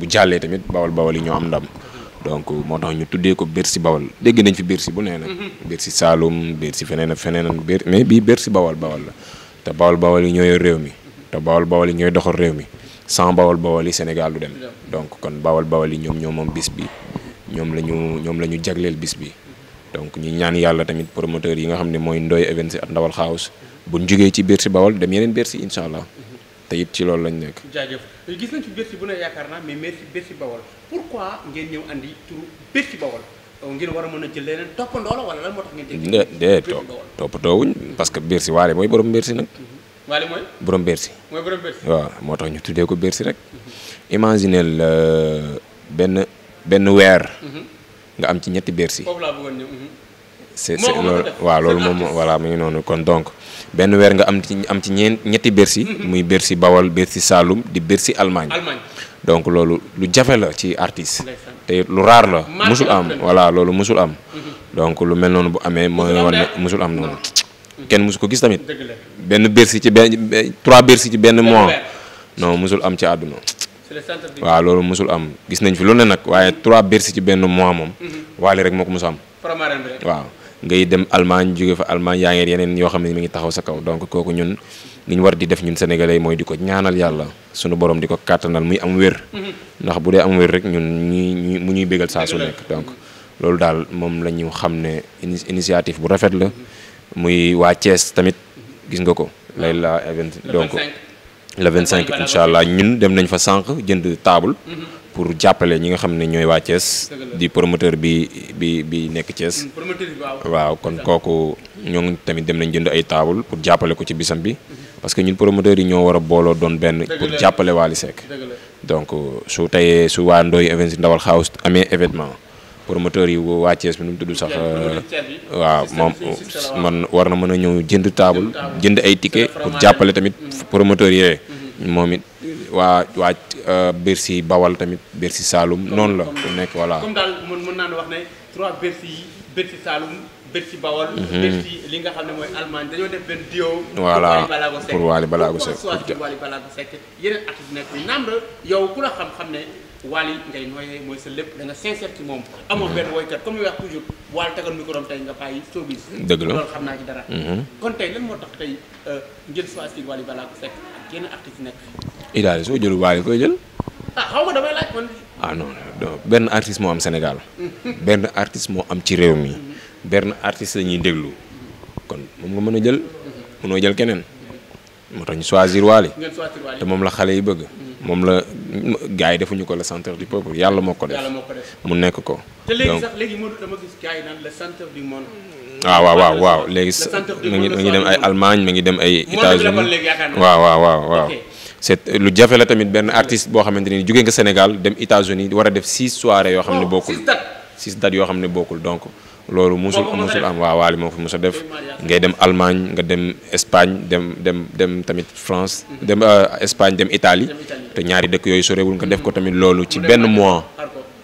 bu jàllee tamit bawal bawal yi ñoo am ndam donc moo tax ñu tuddee ko Bercy bawal dégg nañ fi Bercy bu nee nag mhm. Bercy Saloum Bercy feneen ak feneen ak mais bii Bercy bawal bawal la te bawal bawal yi ñooy réew mi te bawal bawal yi ñooy doxal réew mi sans bawal bawal yi Sénégal du dem donc kon bawal bawal yi ñoom ñoo moom bis bi ñoom la ñu ñoom la ñu jagleel bis bi donc ñu ñaan yàlla tamit promoteur yi nga xam ne mooy ndoy Ndoye Events at Ndawal House buñ jugee ci Bercy bawal dem yeneen Bercy incha allah te it ci loolu lañu nekk. jaajëf gis nañ ci Bercy bu ne yaakaar naa mais merci Bercy Bawol pourquoi ngeen ñëw andi turu Bercy Bawol euh, ngir war a mën a jël leneen toppandoo la wala parce que Bercy waale mooy borom Bercy nag. Mhm. waale mooy. borom Bercy. mooy moo tax ñu tuddee ko Bercy rek. Mhm. imagineel euh, benn benn weer. Mhm. nga am ci ñetti Bercy. foofu waa c'est loolu waaw moom voilà mu ngi noonu kon donc benn weer nga am ci am ci ñeen ñetti Bercy mm-hmm. muy bersi Bawol Bercy Saloum di Bercy Allemagne donc loolu lu jafe la ci artiste te lu raar la musul am voilà loolu musul am mm-hmm. donc lu mel noonu bu amee mooy wan ne musul am noonu kenn musu ko gis tamit benn Bercy ci benn trois Bercy ci benn mois non musul am ci àdduna waa loolu musul am gis nañ fi lu ne nag waaye mm-hmm. trois Bercy ci benn mois moom waali rek moo ko musu am waaw ngay dem Allemagne jóge fa Allemagne yaa ngeen yeneen yoo xam ne mi ngi taxaw sa kaw donc kooku ñun li ñu war di def ñun sénégalais mooy di ko ñaanal yàlla sunu borom di ko kàttanal muy am wér mm-hmm. ndax bu dee am wér rek ñun ñuy mu ñuy bégal saa su nekk donc loolu daal moom la ñu xam ne initiative bu rafet la mm-hmm. muy waa cees tamit gis nga ko lay la event donc le 25 incha allah ñun dem nañ fa sànq jënd table. pour jàppale ñi nga xam ne ñooy waa Thiès. di promoteur bi bi bi nekk Thiès. Mm, waaw kon kooku ñoo tamit dem nañ jënd ay table pour jàppale ko ci bisam bi. parce que ñun promoteurs yi ñoo war a booloo doon benn. pour jàppale Wally Seck donc su teyee su waa Ndoye Events Ndawal House amee événement. promoteur yi waa bi nu mu tudd sax euh, waaw moom man war na mën a ñëw jënd table jënd ay ticket pour jàppale tamit mm-hmm. promoteur yee mm-hmm. moom it waa waa euh, Bercy Bawal tamit si Saloum noonu la ku nekk voilà pour Wally Balago Seck pour Wally ngay nooyee mooy sa lépp da nga ci moom. amoo benn woykat kom li wax toujours Wally tegal micro am tey nga xam naa ci dara. Mhm. kon tey lan euh, koy jël. ah xaw ah, moo am Sénégal. benn artiste moo am ci réew mi. benn artiste la déglu. kon moom nga mën a jël. Mhm. mënoo jël keneen. moo tax ñu choisir te moom la xale yi bëgg. moom la gars yi defuñu ko la centre du peuple yàlla moo ko def mu nekk ko. te léegi ah, waaw waaw waaw léegi ma ngi ma ngi dem ay Allemagne ma ngi dem ay. États-Unis waaw waaw waaw waaw. c'est lu jafe la tamit benn artiste boo xamante ni jóge nga Sénégal dem États-Unis war a def six soirées yoo xam ne oh, bokkul six dates yoo xam ne bokkul donc. loolu musul musul am waaw waali moo ko fi mos def ngay dem Allemagne nga dem Espagne dem dem dem tamit France dem euh, Espagne dem Italie te ñaari dëkk yooyu sorewul nga def ko tamit loolu ci benn mois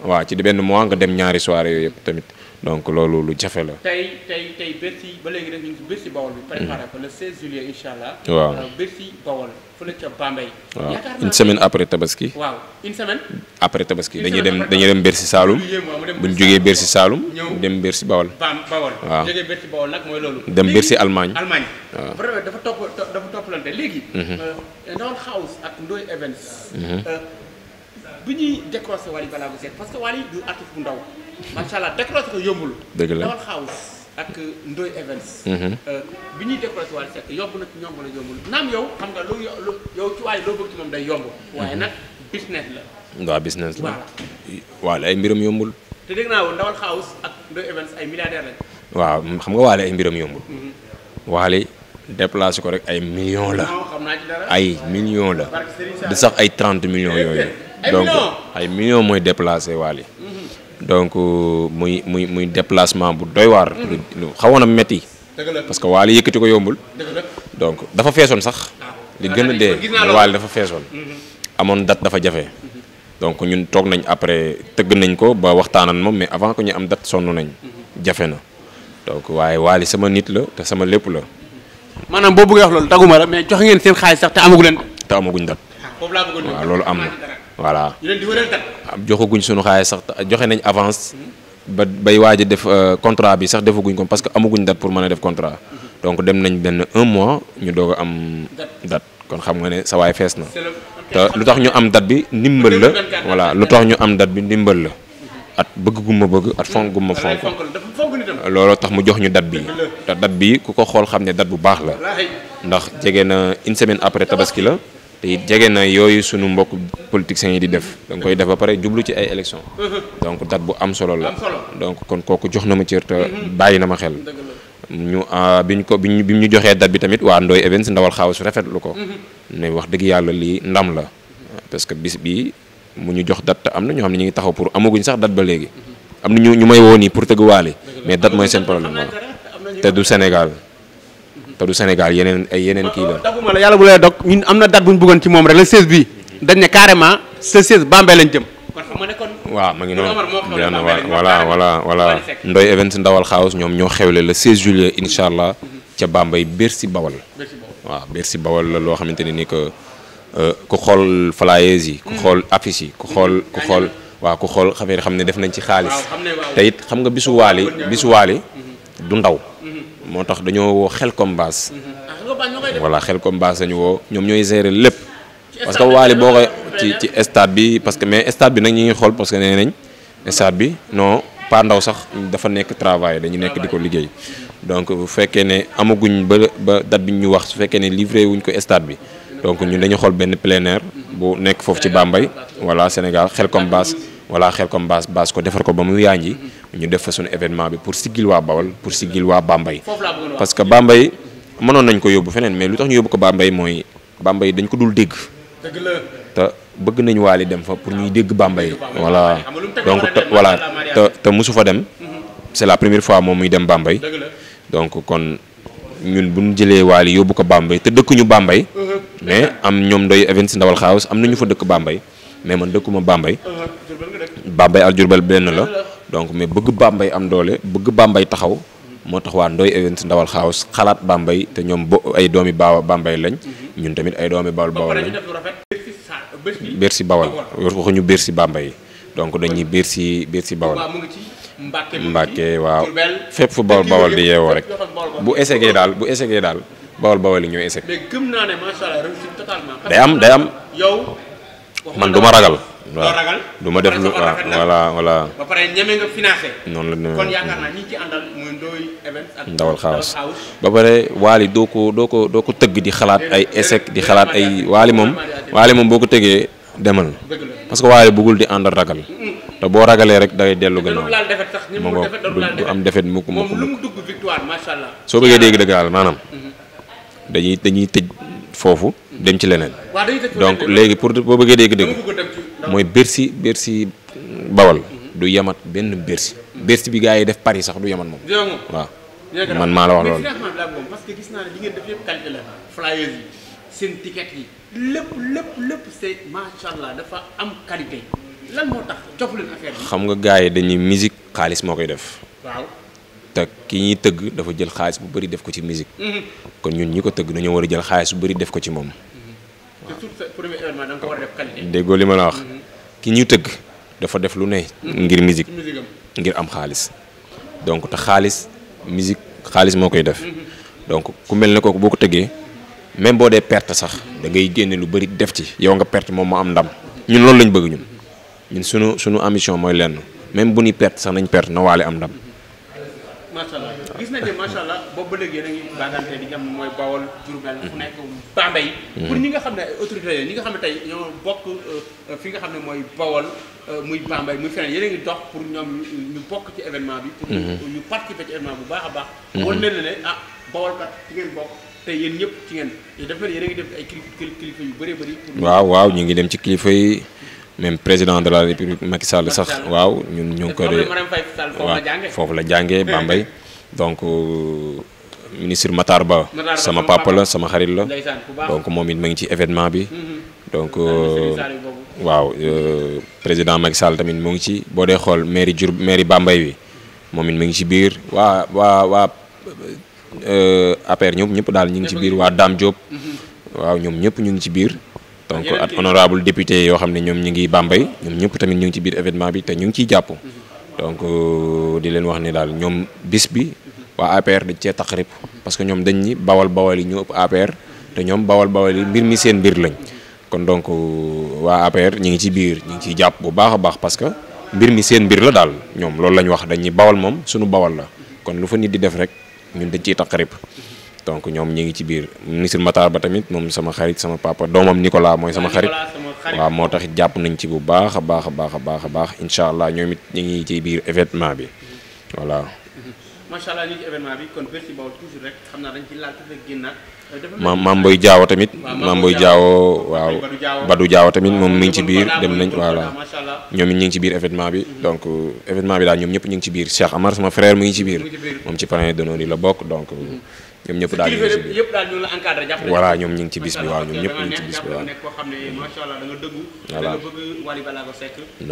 waaw ci benn mois nga dem ñaari soirée yooyu yëpp tamit donc loolu lu jafe la. tey tey tey Bercy ba léegi rek ñu ngi ci Bercy Bawol bi. Hmm. préparé ko le 16 juillet incha allah. waaw euh, Bercy Bawol fële ca Bambey. waaw une semaine après Tabaski. waaw une semaine. après Tabaski dañuy dem dañuy dem Bercy Saloum. bu ñu jógee Bercy Saloum. dem Bercy Bawol. Bam loolu. dem Bercy Allemagne. waaw. macha yombul. dëgg mhm. euh, yombul naam yow xam nga lu yow ci waaye loo bëgg ci moom day yomb. Mhm. waaye nag business la. waaw business la waaw ay mbiram yombul. ay waaw xam nga Wally mbiram yombul. Mhm. Wally déplacé ko rek ay millions la. ay millions la. du sax ay 30 millions yooyu. donc ay millions mooy déplacé Wally donc euh, muy muy muy déplacement bu doy waar. Mm-hmm. lu xawoon a metti parce que waali yëkkati ko yombul. donc dafa feesoon sax. Ah. li gën a ah, dee waali dafa feesoon. Mm-hmm. amoon dat dafa jafe. Mm-hmm. donc ñun toog nañ après tëgg nañ ko ba waxtaanan moom mais avant que ñu am date sonn nañ. jafe na donc waaye waali sama nit la te sama lépp la. maanaam boo bëggee wax loolu taguma la mais jox ngeen seen xaalis sax te amagu leen. te amaguñ date. Ah, waaw loolu am na. voilà ah, joxaguñ sunu xaalis sax joxe nañ avance ba bay waaj a def euh, contrat bi sax defaguñ ko parce que amaguñ date pour mën a def contrat donc dem nañ benn un mois ñu doog am date kon xam nga ne sa fees na te lu tax ñu am date bi ndimbal la voilà lu tax ñu am date bi ndimbal la at bëgg gu bëgg at fonk gumma ma fonk looloo tax mu jox ñu date bi te date bi ku ko xool xam ne date bu baax la ndax jege na une semaine après tabaski la te jege na yooyu sunu mbokk politiciens yi di def da nga koy def ba pare jublu ci ay élection donc dat bu am solo la donc kon kooku jox na ma cër te mhm. bàyyi na ma xel ñu ah, bi ñu ko bi ñu ñu joxee date bi tamit waa Ndoye si ndawal xaaw su rafetlu ko mhm. ne wax dëgg yàlla lii ndam la parce que bis bi mu ñu jox dat am na ñoo xam ne ñu ngi taxaw pour amaguñ sax dat ba léegi am na ñu ñu may woo nii pour tëgg waale mais date mooy seen problème wala te du Sénégal te du Sénégal yeneen yeneen kii la. Ah, ah, daguma la yàlla bu lay dog ñun am na date bu ñu ci moom rek la 16 bii dañ ne carrément ce 16 Bambey lañ jëm. kon xam nga ne kon. waaw ma ngi noonu benn voilà voilà voilà Ndawal House ñoom ñoo xewle le 16 juillet incha allah mhm. ca Bambey Bercy Bawal. waaw Bercy Bawal la loo xamante ne ni que euh, ku xool flyers yi. ku mhm. xool affiche yi ku xool mhm. ku xool. waaw ku xool xam xam ne def nañ ci xaalis. te it xam nga bisu waali bisu waali du ndaw. moo tax dañoo woo xel Baas. Mhm. Ah, voilà xel Baas la woo ñoom ñooy gérer lépp. parce que Waly boo ko ci ci stade bi parce que mais stade bi nag ñu ngi xool parce que nee bi no pas ndaw sax dafa nekk travail dañu nekk di ko liggéey. donc bu fekkee ne amaguñ ba ba date bi ñu wax su fekkee ne livré wuñ ko stade bi donc ñun dañu xool benn plein air bu nekk foofu ci Bambey voilà Sénégal Xelcom Baas. wala xel comme base base ko defar ko ba mu yaañji ñu def fa suñu événement bi pour siggil waa Bawol pour siggil waa Bambey parce que Bambey mënoon ko yóbbu feneen mais lu tax ñu yóbbu ko Bambey mooy Bambey dañ ko dul dégg te bëgg dem fa pour ñuy dégg Bambey voilà donc voilà te te dem mhm. c'est la première fois moom muy dem Bambey donc kon ñun bu ñu jëlee waali yóbbu ko Bambey te dëkkuñu Bambey mhm. mais am ñoom doy events ndawal xaawus am nañu fa dëkk Bambey mais man dëkkuma Bambey mhm. Bambey al Diourbel benn la donc mais bëgg Bambey am doole bëgg Bambey taxaw moo tax waa Ndoye Events Ndawal House xalaat Bambey te ñoom bo ay doomi baaw Bambey lañ ñun tamit ay doomi bawal bawal lañ Bercy bawal waxuñu si Bambey donc dañuy Bercy si bawal Mbàkke waaw fépp fu bawal bawal di yeewoo rek bu essayé daal bu essayé daal bawal bawal yi ñooy essayé day am day am man du ma ragal. waaw def lu waaw noonu la ñu kon ndawal xawas ba pare waali doo ko doo ko doo tëgg di xalaat ay échec di xalaat ay waali moom. waali moom boo ko tëggee demal. parce que waali bëggul di àndal ragal. te boo ragalee rek dangay dellu gannaaw ma ngoog du am defet mukk mukk mukk soo bëggee dégg dëgg maanaam mm-hmm. dañuy dañuy tëj foofu dem ci leneen. donc léegi pour boo bëggee dégg-dégg mooy Bercy Bercy Bawal. Mhm. du yemat benn Bercy. Mhm. Bercy bi gars yi def Paris sax du yemat moom. waaw man maa la wax loolu. la xam nga gars yi dañuy musique xaalis moo koy def. te ki ñuy tëgg dafa jël xaalis bu bari def ko ci musique mhm. kon ñun ñi ko tëgg dañoo war a jël xaalis bu bëri def ko ci moom. Mhm. déggoo li ma la wax. Mhm. ki ñu tëgg dafa def lu ne. ngir musique ngir am xaalis. donc te xaalis musique xaalis moo koy def. donc ku mel ne kooku boo ko tëggee même boo dee perte sax dangay ngay génne lu bari def ci yow nga perte moom moo am ndam. ñun loolu lañ bëgg ñun ñun sunu sunu ambition mooy lenn même bu ñuy perte sax nañ perte na waale am ndam. macha allah gis nañ ne macha allah boobu ba léegi yéen a ngi baagante di nga xam mooy Bawol Diourbel fu nekk Bambey hmm. pour ñi nga xam ne autorité la ñi nga xam ne tey ñoo bokk euh, fi nga xam ne mooy Bawol euh, muy Bambey muy feneen yéen a ngi pour ñoom ñu bokk ci événement bi pour hmm. ñu participer ci événement bu baax a baax hmm. wan leen ne ah Bawol kat ci ngeen bokk te yéen ñëpp ci ngeen def na yéen a ngi def ay kilifa yu bëree bëri waaw waaw ñu ngi dem ci kilifa yi même président de la république Macky Sall sax waaw ñun ñu ngi ko de foofu la jànge Bambey donc euh, ministre mataar Ba sama papa sama xarit la donc moom it ma ngi ci événement bi mhm. donc euh, waaw euh, président Macky Sall tamit mu ngi ci boo dee xool mairie Diourbel mairie Bambey wi moom it mu ngi ci biir waa waa waa APR ñoom ñëpp daal ñu ngi ci biir waa daam Diop mhm. waaw ñoom ñëpp ñu ngi ci biir donc ak honorable député yoo xam ne ñoom ñu ngi Bambey ñoom ñëpp tamit ñu ngi ci biir bi te ñu ngi ciy mhm. donc euh, di leen wax ni daal ñoom bis bi waa APR dañ cee taqrib parce que ñoom dañ ñi bawal bawal yi ñu ëpp APR ñoom bawal bawal yi mbir mi seen mbir lañ kon donc euh, waa APR ñu ngi ci biir ñu ngi ciy jàpp bu baax a baax parce que mbir mi seen mbir la daal ñoom loolu lañ wax dañ ñi bawal moom suñu bawal la kon lu fa nit di def rek ñun dañ ciy taqrib donc ñoom ñi ngi ci biir ministre Matar ba tamit moom sama xarit sama papa doomam Nicolas mooy sama xarit waaw moo tax jàpp nañ ci bu baax a baax a baax a baax a baax incha allah ñoom it ñu ngi ci biir événement bi voilà. maam maam Boy Diawo tamit. maam Boy Diawo waaw Badou Diawo tamit moom mi ngi ci biir dem nañ voilà ñoom ñu ngi ci biir événement bi mhm. donc euh, événement bi daal ñoom ñëpp ñu ngi ci biir Cheikh Amar sama frère mu ngi ci biir moom ci parrain d'honneur yi la bokk donc. Mhm. ñoom ñëpp daal ñoom ñu ngi ci bis bi waaw ñëpp ñu ngi ci bis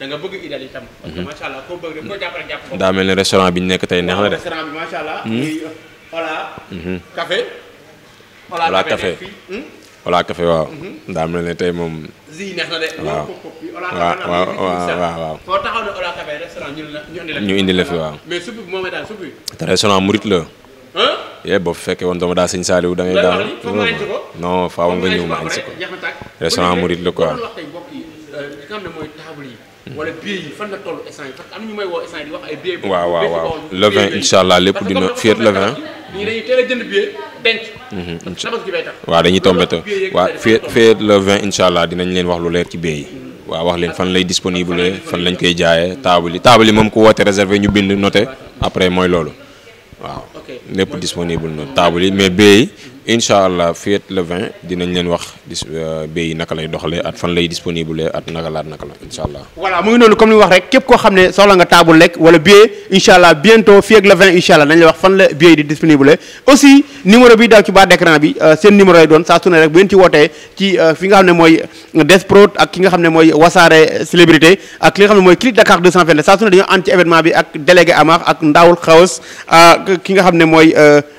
da nga bëgg idal mhm. bëgg rek koo jàppale jàpp ko. mel ni restaurant bi ñu nekk tey neex na de. restaurant Ola. Mhm. Mhm. café. Ola hmm? café waaw. daa ne tey moom. ñu indi fi waaw. te restaurant murit la. yee eh, boo fekkee woon dama daal non faaw nga ñëw ma añ si ko euh, hmm. la quoi wala am ñu may woo instant waaw waaw waaw allah lépp dina fii le 20. ñu dañuy teel waa jënd billet denc. Hmm, hmm, incha fii fii le incha allah dinañ leen wax lu leer ci billet yi. waaw wax leen fan lay disponible fan lañ koy jaayee table yi table yi moom ku woote réservé ñu bind noté après mooy loolu waaw. lépp disponible na taable yi mais bee incha allah fii ak le 20 dinañ leen wax dis euh, bay yi naka lay doxalee at fan lay disponible at naka laat naka la incha allah. voilà mu ngi noonu comme ni wax rek képp koo xam ne soxla nga table lekk wala billet incha allah bientôt fii ak le 20 incha la wax fan la billet yi di disponible aussi numéro bi daaw ci bas d'écran bi euh, seen numéro lay doon saa su ne rek bu ngeen ci wootee ci euh, fi nga xam ne mooy Desprot ak ki nga xam ne mooy Wasaare célébrité ak mooy Click Dakar 221 saa ki nga xam ne mooy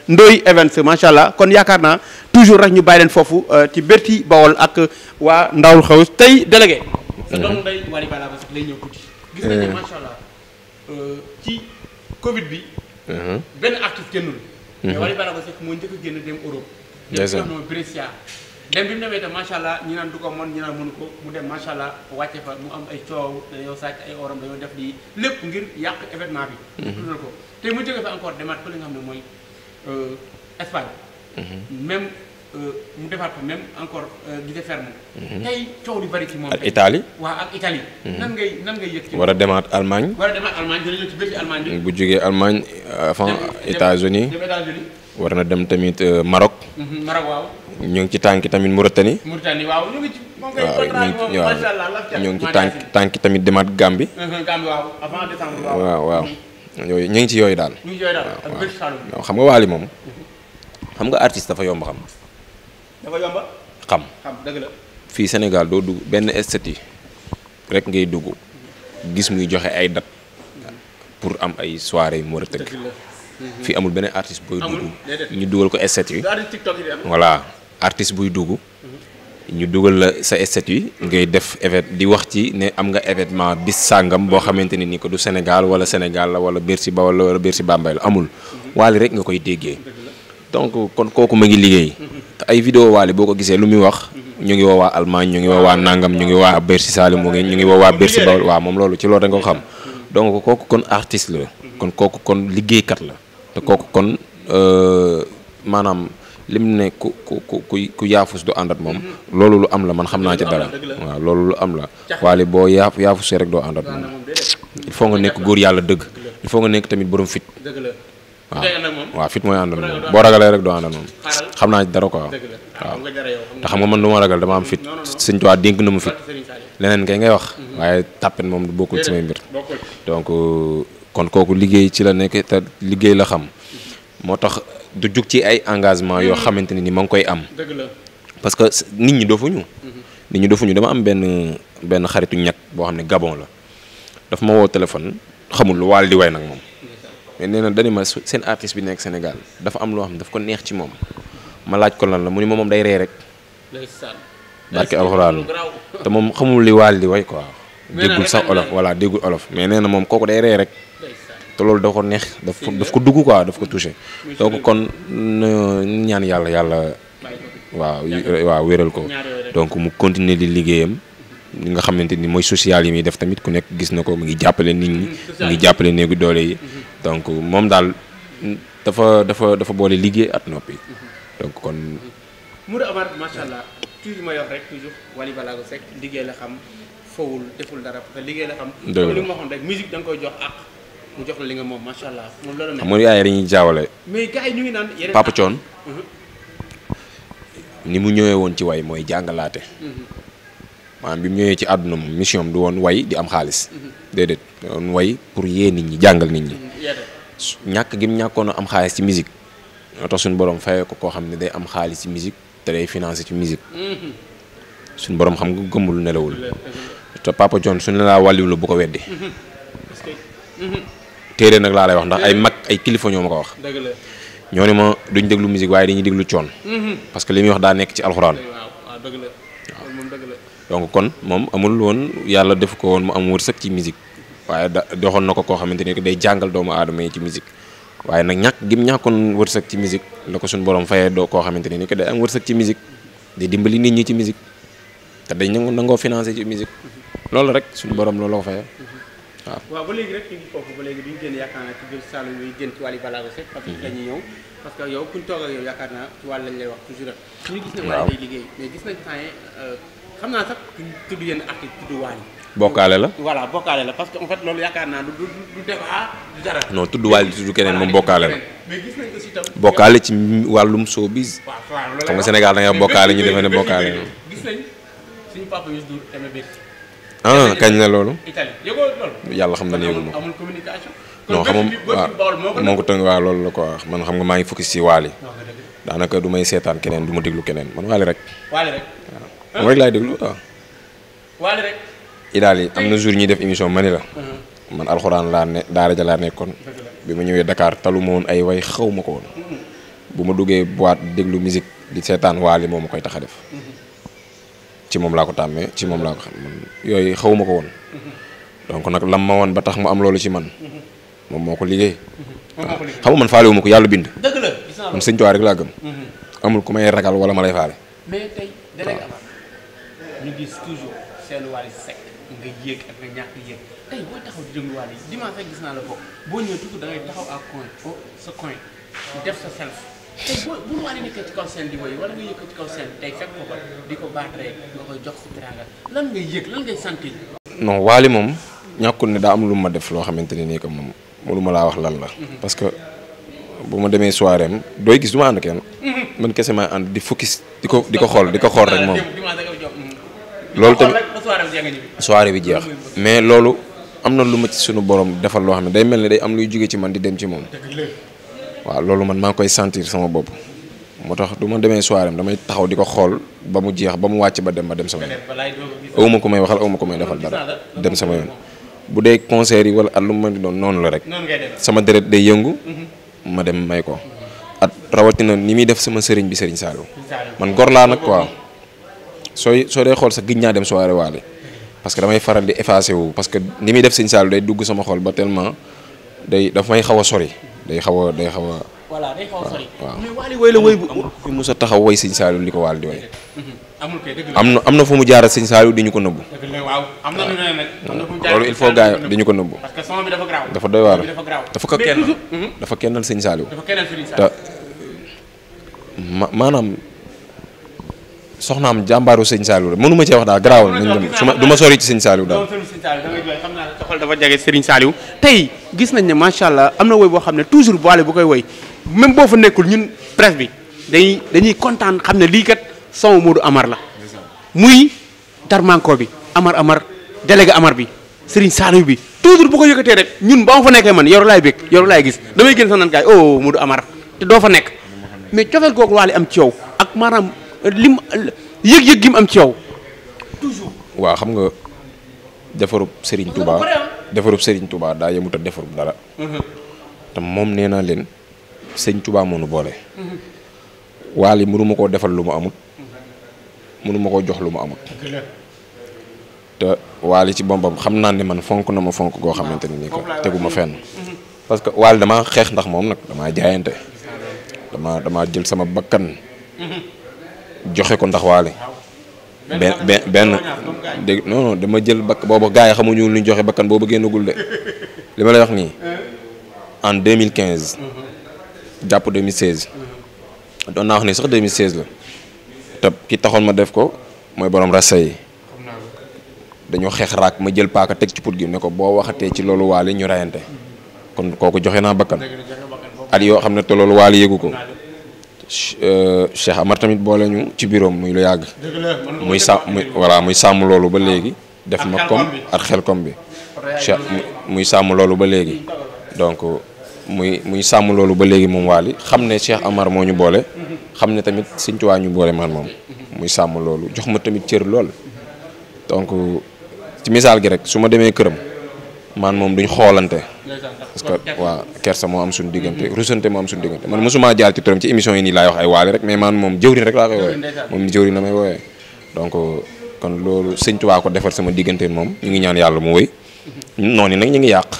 Ndoy Events macha allah kon yaakaar naa toujours rek ñu bàyyi leen foofu euh, ci Berti Bawol ak euh, waa Ndawul Xew tey délégué. sa doom nday mm-hmm. Wally Ballago Seck lay gis nañu ne eh. macha allah euh, ci Covid bi. Mm-hmm. benn artiste génnul. Mm-hmm. mais Wally Ballago a génn dem Europe. dèjà dem Brescia dem bi mu demee itam allah ñi naan du ko mën ñi naan mënu ko mu dem macha allah wàcce fa mu am ay coow dañoo sàcc ay oram dañoo def lii lépp ngir yàq événement bi. tuddal ko mu jógee fa encore demaat fa nga xam ne mooy Espagne. Mm-hmm. même euh, mu defaat ko même encore euh, Guy Ferme. Mm-hmm. tey coow li bari ci moom. ak Italie waaw ak Italie. Mm-hmm. war a demaat Allemagne. bu jógee Allemagne euh, avant États-Unis war na dem tamit Maroc. Maroc ñu ngi ci tànki tamit Mauritanie. Mauritanie waaw ñu ngi ci moom tamit demaat Gambie. waaw yooyu ñu ngi ci yooyu daal. ñu xam nga waali moom. xam nga artiste dafa yomb xam. xam. xam fii Sénégal doo dugg benn esthète yi rek ngay dugg gis muy joxe ay dat pour am ay soirée yu mu war a tëgg. fii amul beneen artiste buy ñu dugal ko esthète yi. voilà artiste buy dugg. ñu dugal la sa statut yi ngay def évét di wax ci ne am nga évétement bi sàngam boo xamante ne ni ko du Sénégal wala Sénégal la wala Bercy ba wala Bercy Bambey la amul. Mhm. waali rek nga koy déggee. donc kon kooku ma ngi liggéey. te ay vidéo waale boo ko gisee lu muy wax. ñu ngi woo waa Allemagne ñu ngi woo waa Nangam ñu ngi waa Bercy Salim mu ngi ñu ngi woo waa Bercy Bawol waaw moom loolu ci loolu donc kooku kon artiste la. kon kooku kon liggéeykat la. te kooku kon euh, maanaam lim ne ku ku ku ku yaafus du ànd ak moom. loolu lu am la man xam naa ci dara. waaw loolu lu am la. waale boo yaaf yaafusee rek doo ànd moom. il faut nga nekk góor yàlla dëgg. il faut nga nekk tamit borom fit. waaw fit mooy àndal boo ragalee rek doo àndal xam naa dara quoi waaw te xam nga man lu ma ragal dama am fit sëñ Tuubaa dénk na mu fit leneen kay ngay wax mm-hmm. waaye tàppet moom bokkul samay mbir donc euh, kon kooku liggéey ci la nekk te liggéey la xam mm-hmm. moo tax du jug ci ay engagement yoo mm-hmm. xamante ni ma ngi koy am parce que nit ñi dofuñu nit ñi dofuñu dama am benn benn xaritu ñag boo xam ne Gabon la daf ma woo téléphone xamul lu waal di way nag moom mais nee na dani ma seen artiste bi nekk Sénégal dafa am loo xam ne daf ko neex ci moom ma laaj ko lan la mu ni ma moom day ree rek. barke alxuraan te moom xamul li waal di way quoi. déggul sax olof voilà déggul olof mais nee na moom kooko day ree rek. te loolu da ko neex daf ko daf ko dugg quoi daf ko touché. donc kon ñaan yàlla yàlla. waaw waaw wéral ko. donc mu continuer di liggéeyam. li nga xamante ni mooy social yi muy def tamit ku nekk gis na ko mu ngi jàppale nit ñi. mu ngi jàppale néegu doole yi. Mm-hmm. donc moom daal dafa dafa dafa boole liggéey at noppi. donc kon. Modou Amar macha allah tuuti ma liggéey la xam fowul deful dara parce que liggéey la rek musique da nga koy jox ak mu jox la li nga moom macha allah moom la la nekk. xam nga jaawale. mais ñu ngi naan yeneen mhm. mu ñëwee woon ci way mooy jàngalaate. Mhm. maanaam bi mu ñëwee ci àdduna mission du woon way di am xaalis. Mhm. déedéet doon way pour yee nit ñi jàngal nit ñi. ñàkk gi mu ñàkkoon am xaalis ci musique moo tax suñu borom fayee ko koo xam ne day am xaalis ci musique te day financé ci musique suñu borom xam nga gëmmul nelawul te Papa John suñu la laa wàlliw la bu ko weddi téere nag laa lay wax ndax ay mag ay kilifa ñoo ma ko wax ñoo ne ma duñ déglu musique waaye dañuy déglu coon mhm. parce que li muy wax daa nekk ci alxuraan waaw ah, donc kon moom amul woon yàlla def ko woon mu am wërsëg ci musique waaye da doxoon na ko koo xamante ni day jàngal doomu adama yi ci musique waaye nag ñàkk gim ñàkkoon wërsëg ci musique la ko suñu borom fayee doo koo xamante ni day am wërsëg ci musique di dimbali nit ñi ci musique te dañ nangu nangoo financé ci musique loolu rek suñu borom loolu la ko fayee waaw. waaw ba léegi rek ñu ngi foofu ba léegi duñ génn yaakaar naa ci biir Saloum yi génn ci wàllu balaago Seck. parce que mhm. la ñëw parce que yow kuñ toog ak yaakaar naa ci wàll lañ lay wax toujours rek. ñu gis ne waaye day liggéey mais gis nañ temps euh, xam naa sax bokkaale la voilà bokkaale ah, tudd waali tudd keneen moom bokkaale la. bokkaale ci wàllum showbiz. xam nga Sénégal da ngay ñu defee ne bokkaale la. gis nañ suñu papa Youssou Ndour MBS. ah kañ la loolu. Italie yàlla xam na ne yëguma amul communication. non ko tënk loolu la quoi man xam nga maa ngi focus ci waali. daanaka du may seetaan keneen du ma déglu keneen man waali rek. waali rek waali rek. Idaali am na jour ñuy def émission ma ni la. Mhm. man alxuraan laa ne daara nekkoon. bi ma ñëwee dakaar talu ma woon ay way xaw ma ko woon. Mhm. bu ma duggee boîte déglu musique di seetaan waali moom ma koy taxa def. Mhm. ci moom laa ko tàmmee ci moom laa ko xam yooyu xaw ma ko woon. donc nag lam ma woon ba tax mu am loolu ci man. moom moo ko liggéey. xam nga ko yàlla bind. dëgg la gis man sëñ rek laa gëm. amul ku may ragal wala ma lay faale. nga yéeg yéeg tey ngay taxaw ak coin moom ñàkkul ne daa am lu ma def loo xamante ne nii que moom lu ma laa wax lan la. Mhm. parce que bu ma demee soirée dooy gis du ma ànd kenn. Mhm. man kese maa ànd di fukki di ko di ko xool di ko xool rek moom. loolu tamit soirée bi jeex mais loolu am na lu ma sunu suñu defal loo xam ne day mel ni day am luy jóge ci man di dem ci moom waaw loolu man maa koy sentir sama bopp moo tax du ma demee soirée am damay taxaw di ko xool ba mu jeex ba mu wàcc ba dem ma dem sama yoon awuma ko may waxal awuma ko may defal dara dem sama yoon bu dee concert yi wala at lu ma di doon noonu la rek sama deret day yëngu mhm. ma dem may ko at rawatina ni muy def sama sëriñ bi sëriñ Saliou man gor laa nag quoi sooy soo dee xool sa gëj naa dem soirée waale parce que damay faral di effacé wu parce que ni muy def sëñ Saliou day dugg sama xol ba tellement day daf may xaw a sori day xaw a day xaw a. voilà day waaw fi mus a taxaw woy sëñ Saliou li ko waal di woy. Mm-hmm. am na am na fu mu jaaral sëñ Saliou di ko nëbbu. loolu il faut gars yi di ñu ko nëbbu. dafa garaaw. dafa doy waar dafa ko kennal mm-hmm. dafa kennal sëñ Saliou. maanaam. soxnaam jàmbaaru sëñ Saliou mënu ma cee wax daal garaawal nañ ma du ma sori ci sëñ Saliou daal dafa jege Serigne Saliou tey gis nañ ne macha allah am na woy boo xam ne toujours boole bu koy woy même boo fa nekkul ñun presse bi dañuy dañuy kontaan xam ne lii kat sama Modou Amar la muy darmanko bi Amar Amar délégué Amar bi Serigne Saliou bi toujours bu ko yëkkatee rek ñun ba ma fa nekkee man yoru laay bég yoru laay gis damay gën sa nan kaay oh Modou Amar te doo fa nekk mais cofeel googu waale am ci yow lim yëg-yëg gi mu am ci yow. waa xam nga defarub sëriñ tubaa defarub Serigne Touba daa yemut a defarub dara. Mhm. te moom nee naa leen sëñ tubaa moo nu boole. waali mënu ma koo defal lu mu amut. mënu koo jox lu mu amut. te waali ci bombam xam naa ne man fonk na ma fonk goo xamante nii ko tegu ma fenn. Mhm. parce que waali damaa xeex ndax moom nag damaa jaayante. damaa damaa jël sama bakkan. Mhm. joxe ko ndax waale. benn benn dégg non dama jël bakk boobu gars yi xamuñu lu joxe bakkan boobu génnagul de li ma lay wax nii en mille quinze jàpp 2016 doon naa wax ni sax 2016 la te ki taxoon ma def ko mooy borom rasa yi dañoo xeex raak ma jël paaka teg ci put gi ne ko boo waxatee ci loolu waali ñu rayante kon kooku joxe naa bakkan at yoo xam ne te loolu waali yégu ko Euh, Cheikh Amar tamit boole ñu ci biiroom muy lu yàgg. muy sàmm muy voilà muy sàmm loolu ba ah. léegi. def ma kom ak xelkom bi. Cheikh muy sàmm loolu ba léegi. donc muy muy sàmm loolu ba léegi moom waali xam ne Cheikh Amar moo ñu boole. xam ne tamit Sëñ Tuubaa ñu boole man moom. muy sàmm loolu jox ma tamit cër lool. donc ci misaal gi rek su ma demee këram. man moom duñ xoolante. parce que waa kersa moo am suñu mm-hmm. diggante rusante moo am suñ diggante man mosuma jaar ci turam ci émission yi nii laay wax ay waale rek mais man moom jëwriñ rek laa koy moom jëwriñ la may wooyee donc kon loolu sëñ Tuubaa defar sama diggante moom ñu ngi ñaan yàlla mu wéy mm-hmm. noonu nag ñu ngi yàq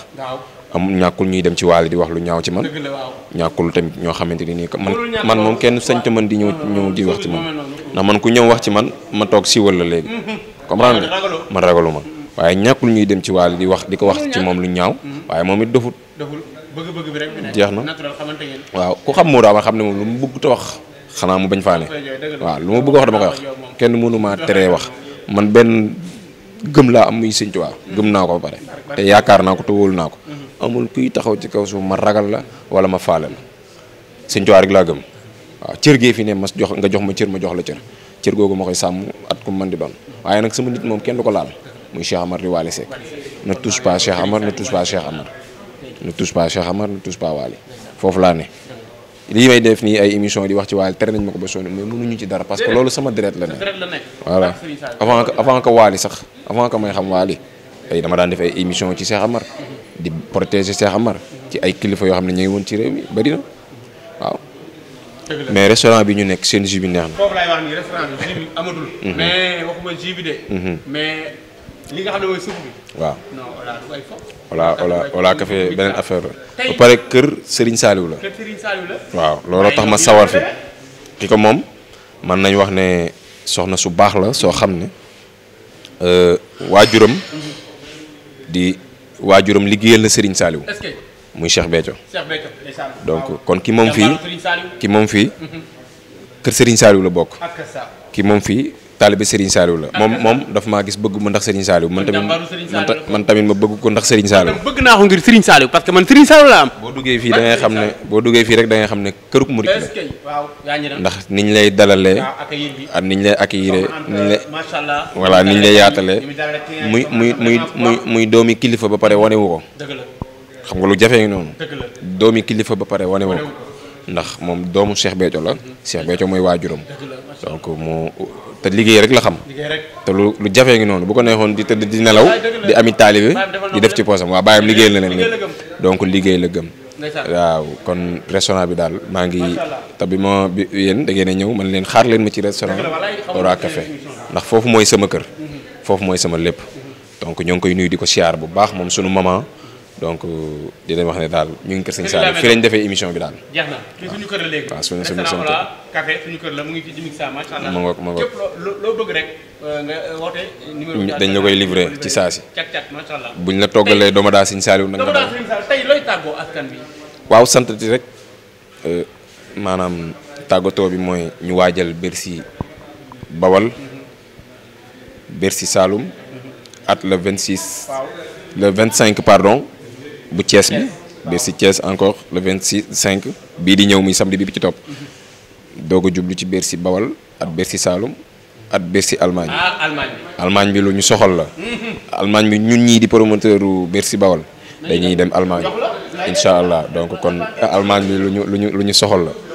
am ñàkkul ñuy dem ci waale di wax lu ñaaw ci man ñàkkul tamit ñoo xamante ni nii man man moom kenn sañta man di ñëw ñëw di wax ci man ndax man ku ñëw wax ci man ma toog siiwal la léegi mm-hmm. comprendre nga man ragalu ma waaye lu ñuy dem ci waali di wax di ko wax ci moom lu ñaaw mm-hmm. waaye moom it dofut bëgg jeex na waaw ku xam moo daama xam ne moom lu mu bëgg te wax xanaa mu bañ faa ne waaw lu ma bëgg wax dama koy wax kenn mënuma teree wax man benn gëm laa am muy Sëñ mm-hmm. gëm naa ko ba pare te yaakaar naa ko te wóolu naa ko mm-hmm. amul kuy taxaw ci kaw suuf ma ragal la wala ma faale la Sëñ Tuubaa rek laa gëm waaw cër gee fi ne ma jox nga jox ma cër ma jox la cër cër googu ma koy sàmm at ku man di doon waaye nag sama nit moom kenn du ko laal muy Cheikh Amar di Waly Seck ne touche pas Cheikh Amar ne touche pas Cheikh Amar ne touche pas Cheikh Amar ne touche pas Waly foofu laa ne lii may def nii ay émission di wax ci Waly tere nañ ma ko ba sonn mais mënuñu ci dara parce que loolu sama deret la ne voilà avant que avant que Waly sax avant que may xam Waly ay dama daan def ay émission ci Cheikh Amar di protéger Cheikh Amar ci ay kilifa yoo xa ne ñu ngi woon ci réew mi bari waaw mais restaurant bi ñu nekk seen jus bi neex na li nga xam waaw non voilà voilà voilà ka fee beneen affaire la. ba pare kër Serigne Saliou la. waaw looloo tax ma sawar fi ki ko moom mën nañ wax ne soxna su baax la soo xam ne euh, waajuram di waajuram liggéeyal na sëriñ Saliou. muy Cheikh Béthio. donc kon ki moom fii. ki moom fii. Mhm. kër sëriñ Saliou la bokk. ki moom fii. taalibe Serigne Saliou la moom moom daf ma gis bëgg ma ndax Serigne Saliou man tamit man tamit ma bëgg ko ndax Serigne Saliou bëgg naa ko ngir Serigne Saliou parce que man Serigne Saliou la am boo duggee fii xam ne boo duggee fii rek da ngay xam ne këruk murit la ndax niñ lay dalalee ak niñ lay accueillir niñ lay voilà niñ lay yaatalee muy muy muy muy muy doomi kilifa ba pare wane wu ko xam nga lu jafee ngi noonu doomi kilifa ba pare wane wu ko ndax moom doomu Cheikh Béthio la Cheikh Béthio mooy waajuram donc mu te liggéey rek la xam te lu lu jafee ngi noonu bu ko neexoon di tëdd di nelaw di ami taalibe di def ci poosam waaw bàyyam liggéey la leen donc liggéey la gëm waaw kon restaurant bi daal maa ngi te bi ma bi yéen da ngeen a ñëw man leen xaar leen ma ci restaurant Aura Café ndax foofu mooy sama kër mhm. foofu mooy sama lépp mhm. donc ñoo ngi koy nuyu di ko siyaar bu baax moom sunu maman donc euh, di leen wax ne daal ñu ngi kër sëñ Saliou fii lañ defee émission bi daal. jeex na fii suñu kër la la ma ngoog ma ngoog euh, euh, dañ la koy livré ci saa si. buñ la toggalee doomu daa sëñ Saliou nag. doomu waaw sant ti rek maanaam tàggatoo bi mooy ñu waajal Bercy Bawal Bercy Saloum mhm. at le 26 vingt cinq pardon bu Thiès bi Bercy Thiès encore le vingt six cinq bii di ñëw muy samedi bi bi ci topp mhm. doog a jublu ci Bercy Bawal at Bercy Saloum at Bercy Allemagne. ah Allemagne bi. Allemagne bi lu ñu soxal la. Mhm. Allemagne bi ñun ñii di promoteur u Bercy Bawal dañuy dem Allemagne incha allah donc kon Allemagne bi lu ñu lu ñu lu ñu soxal la.